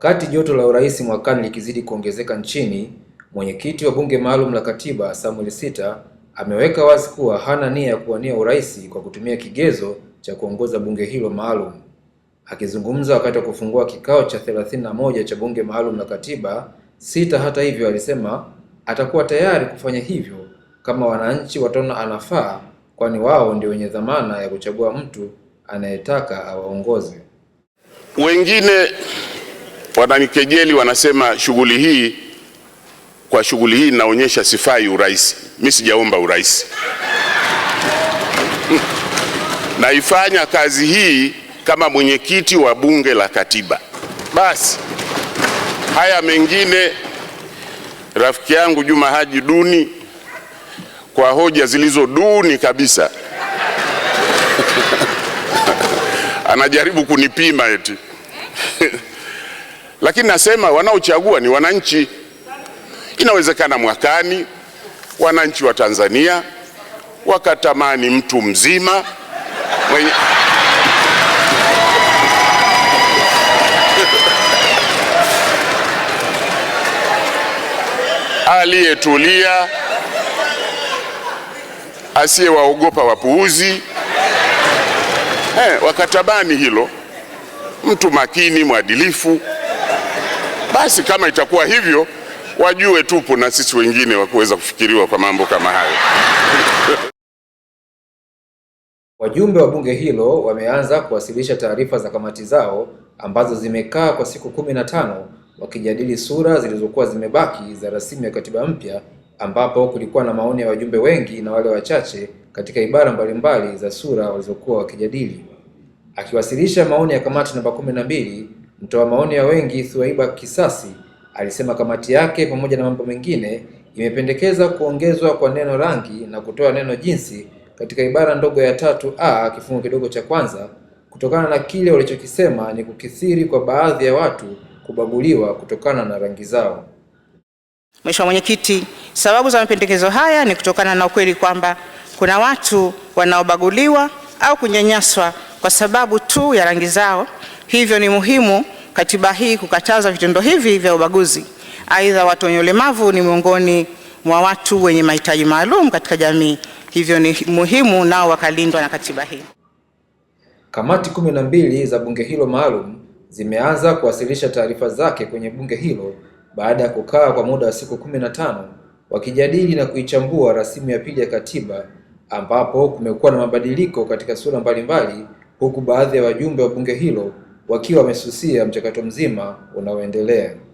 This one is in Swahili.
Wakati joto la urais mwakani likizidi kuongezeka nchini, mwenyekiti wa Bunge Maalum la Katiba Samuel Sitta ameweka wazi kuwa hana nia ya kuwania urais kwa kutumia kigezo cha kuongoza bunge hilo maalum. Akizungumza wakati wa kufungua kikao cha thelathini na moja cha Bunge Maalum la Katiba, Sitta hata hivyo alisema atakuwa tayari kufanya hivyo kama wananchi wataona anafaa, kwani wao ndio wenye dhamana ya kuchagua mtu anayetaka awaongoze. Wengine Wananikejeli, wanasema shughuli hii kwa shughuli hii naonyesha sifai urais. Mimi sijaomba urais naifanya kazi hii kama mwenyekiti wa Bunge la Katiba. Basi haya mengine, rafiki yangu Juma Haji Duni, kwa hoja zilizo duni kabisa anajaribu kunipima eti lakini nasema wanaochagua ni wananchi. Inawezekana mwakani wananchi wa Tanzania wakatamani mtu mzima mwenye aliyetulia asiyewaogopa wapuuzi. Eh, wakatamani hilo, mtu makini mwadilifu. Basi kama itakuwa hivyo, wajue tupo na sisi wengine wa kuweza kufikiriwa kwa mambo kama hayo. Wajumbe wa bunge hilo wameanza kuwasilisha taarifa za kamati zao ambazo zimekaa kwa siku kumi na tano wakijadili sura zilizokuwa zimebaki za rasimu ya katiba mpya ambapo kulikuwa na maoni ya wajumbe wengi na wale wachache katika ibara mbalimbali za sura walizokuwa wakijadili. Akiwasilisha maoni ya kamati namba kumi na mbili, Mtoa maoni ya wengi Thuwaiba Kisasi alisema kamati yake pamoja na mambo mengine imependekeza kuongezwa kwa neno rangi na kutoa neno jinsi katika ibara ndogo ya tatu a kifungu kidogo cha kwanza kutokana na kile walichokisema ni kukithiri kwa baadhi ya watu kubaguliwa kutokana na rangi zao. Mheshimiwa Mwenyekiti, sababu za mapendekezo haya ni kutokana na ukweli kwamba kuna watu wanaobaguliwa au kunyanyaswa kwa sababu tu ya rangi zao Hivyo ni muhimu katiba hii kukataza vitendo hivi vya ubaguzi. Aidha, watu wenye ulemavu ni miongoni mwa watu wenye mahitaji maalum katika jamii, hivyo ni muhimu nao wakalindwa na katiba hii. Kamati kumi na mbili za bunge hilo maalum zimeanza kuwasilisha taarifa zake kwenye bunge hilo baada ya kukaa kwa muda wa siku kumi na tano wakijadili na kuichambua rasimu ya pili ya katiba, ambapo kumekuwa na mabadiliko katika sura mbalimbali, huku baadhi ya wajumbe wa bunge hilo wakiwa wamesusia mchakato mzima unaoendelea.